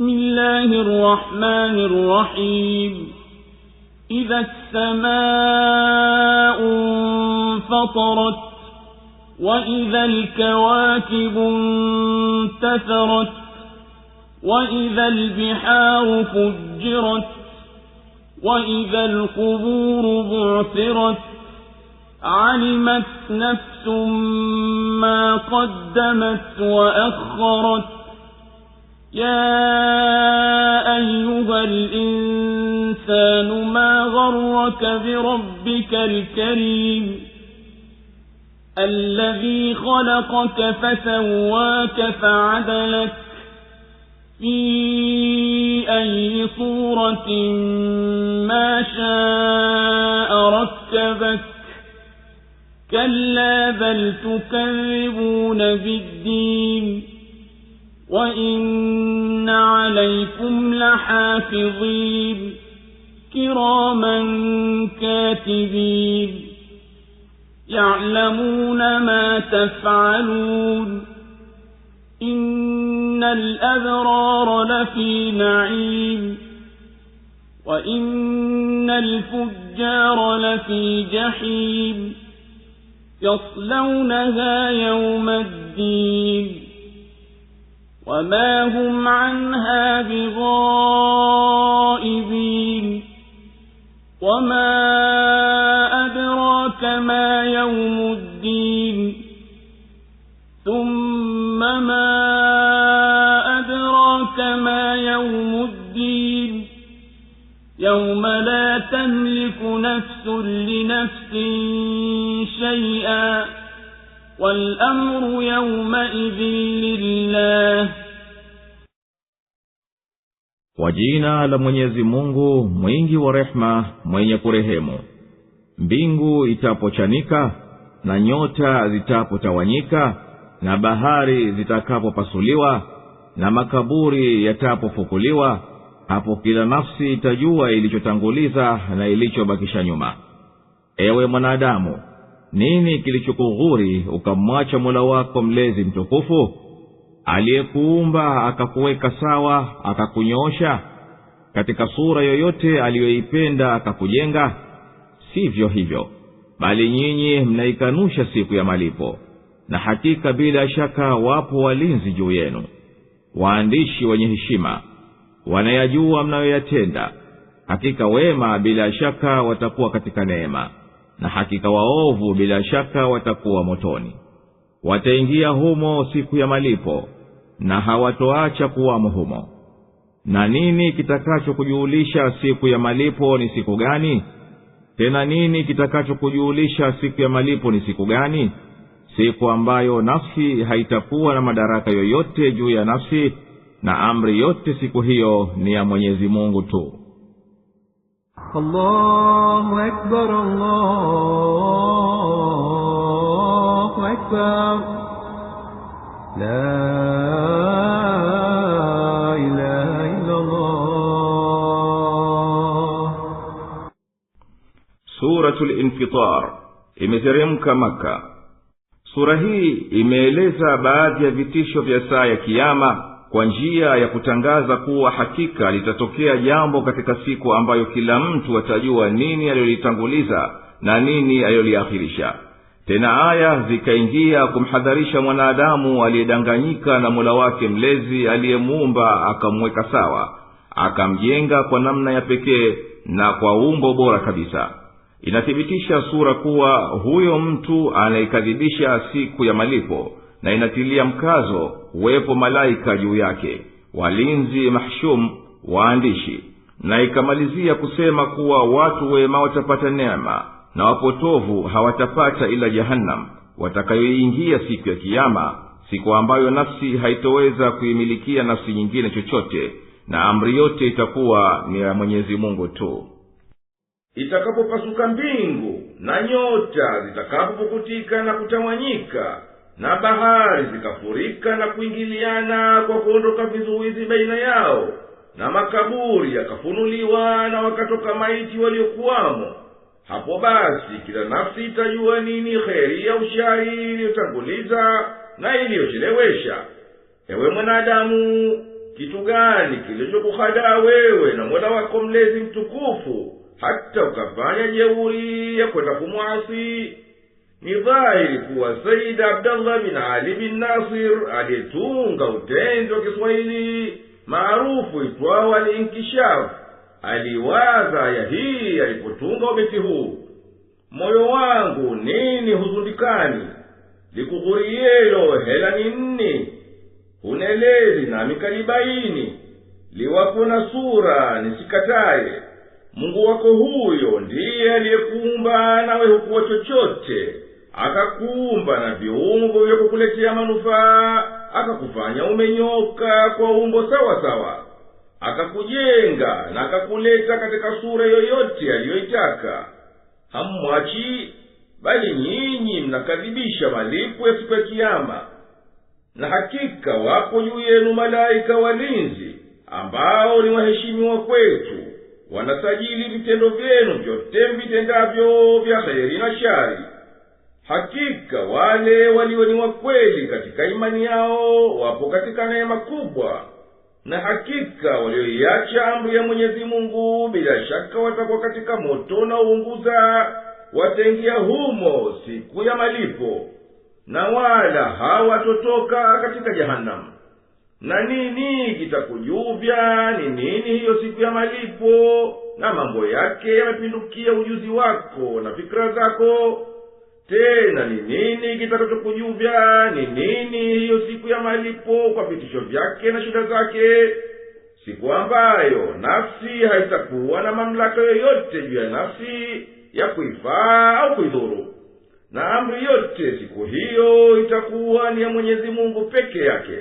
بسم الله الرحمن الرحيم إذا السماء انفطرت وإذا الكواكب انتثرت وإذا البحار فجرت وإذا القبور بعثرت علمت نفس ما قدمت وأخرت يا أيها الإنسان ما غرك بربك الكريم الذي خلقك فسواك فعدلك في أي صورة ما شاء ركبك كلا بل تكذبون بالدين وإن عليكم لحافظين كراما كاتبين يعلمون ما تفعلون إن الأبرار لفي نعيم وإن الفجار لفي جحيم يصلونها يوم الدين وما هم عنها بغائبين وما أدراك ما يوم الدين ثم ما أدراك ما يوم الدين يوم لا تملك نفس لنفس شيئا والأمر يومئذ لله kwa jina la mwenyezi mungu mwingi wa rehema mwenye kurehemu mbingu itapochanika na nyota zitapotawanyika na bahari zitakapopasuliwa na makaburi yatapofukuliwa hapo kila nafsi itajua ilichotanguliza na ilichobakisha nyuma ewe mwanadamu nini kilichokughuri ukamwacha mola wako mlezi mtukufu aliyekuumba akakuweka sawa akakunyoosha katika sura yoyote aliyoipenda akakujenga sivyo hivyo bali nyinyi mnaikanusha siku ya malipo na hakika bila shaka wapo walinzi juu yenu waandishi wenye heshima wanayajua mnayoyatenda hakika wema bila shaka watakuwa katika neema na hakika waovu bila shaka watakuwa motoni wataingia humo siku ya malipo na hawatoacha kuwamo humo na nini kitakachokujuulisha siku ya malipo ni siku gani tena nini kitakachokujuulisha siku ya malipo ni siku gani siku ambayo nafsi haitakuwa na madaraka yoyote juu ya nafsi na amri yote siku hiyo ni ya mwenyezi mungu tu Allahu Akbar, Allahu Akbar. La suratu linfitar imeteremka maka sura hii imeeleza baadhi ya vitisho vya saa ya kiama kwa njia ya kutangaza kuwa hakika litatokea jambo katika siku ambayo kila mtu atajua nini aliyolitanguliza na nini aliyoliahirisha tena aya zikaingia kumhadharisha mwanadamu aliyedanganyika na mola wake mlezi aliyemuumba akamweka sawa akamjenga kwa namna ya pekee na kwa umbo bora kabisa inathibitisha sura kuwa huyo mtu anaikadhibisha siku ya malipo na inatilia mkazo kuwepo malaika juu yake walinzi mahshum waandishi na ikamalizia kusema kuwa watu wema watapata neema na wapotovu hawatapata ila jahannam watakayoiingia siku ya kiama siku ambayo nafsi haitoweza kuimilikia nafsi nyingine chochote na amri yote itakuwa ni ya mwenyezi mungu tu itakapopasuka mbingu na nyota zitakapopukutika na kutawanyika na bahari zikafurika na kuingiliana kwa kuondoka vizuwizi baina yao na makaburi yakafunuliwa na wakatoka maiti waliokuwamo hapo basi kila nafsi itajua nini heri ya ushari iliyotanguliza na iliyochelewesha ewe mwanadamu kitu gani kilichokuhadaa wewe na mola wako mlezi mtukufu hata ukafanya jeuri ya kwenda kumwasi ni dhahiri kuwa saidi abdallah bin ali bin nasir aliyetunga utenzi wa kiswahili maarufu itwao aliinkishafu aliwaza ya hii alipotunga ubeti huu moyo wangu nini huzundikani likughuriyelo hela ni nni hunelezi nami kalibaini liwapo na sura nisikataye mungu wako huyo ndiye aliyekuumba nawe hukuwa chochote akakuumba na viungo vya kukuletea manufaa akakufanya umenyoka kwa umbo sawa sawa akakujenga na akakuleta katika sura yoyote aliyoitaka hammwachi bali nyinyi mnakadhibisha malipo ya siku ya kiama na hakika wapo juu yenu malaika walinzi ambao ni waheshimiwa kwetu wanasajili vitendo vyenu vyote mvitendavyo vya heri na shari hakika wale walio ni wakweli katika imani yao wapo katika neema kubwa na hakika walioiacha amri ya mwenyezi mungu bila shaka watakuwa katika moto na uunguza wataingia humo siku ya malipo na wala hawatotoka katika jahanamu na nini kitakujuvya ni nini hiyo siku ya malipo na mambo yake yamepindukia ujuzi wako na fikira zako tena ni nini kitakachokujuvya ni nini hiyo siku ya malipo kwa vitisho vyake na shida zake siku ambayo nafsi haitakuwa na mamlaka yoyote juu ya nafsi ya kuifaa au kuidhuru na amri yote siku hiyo itakuwa ni ya mwenyezi mungu peke yake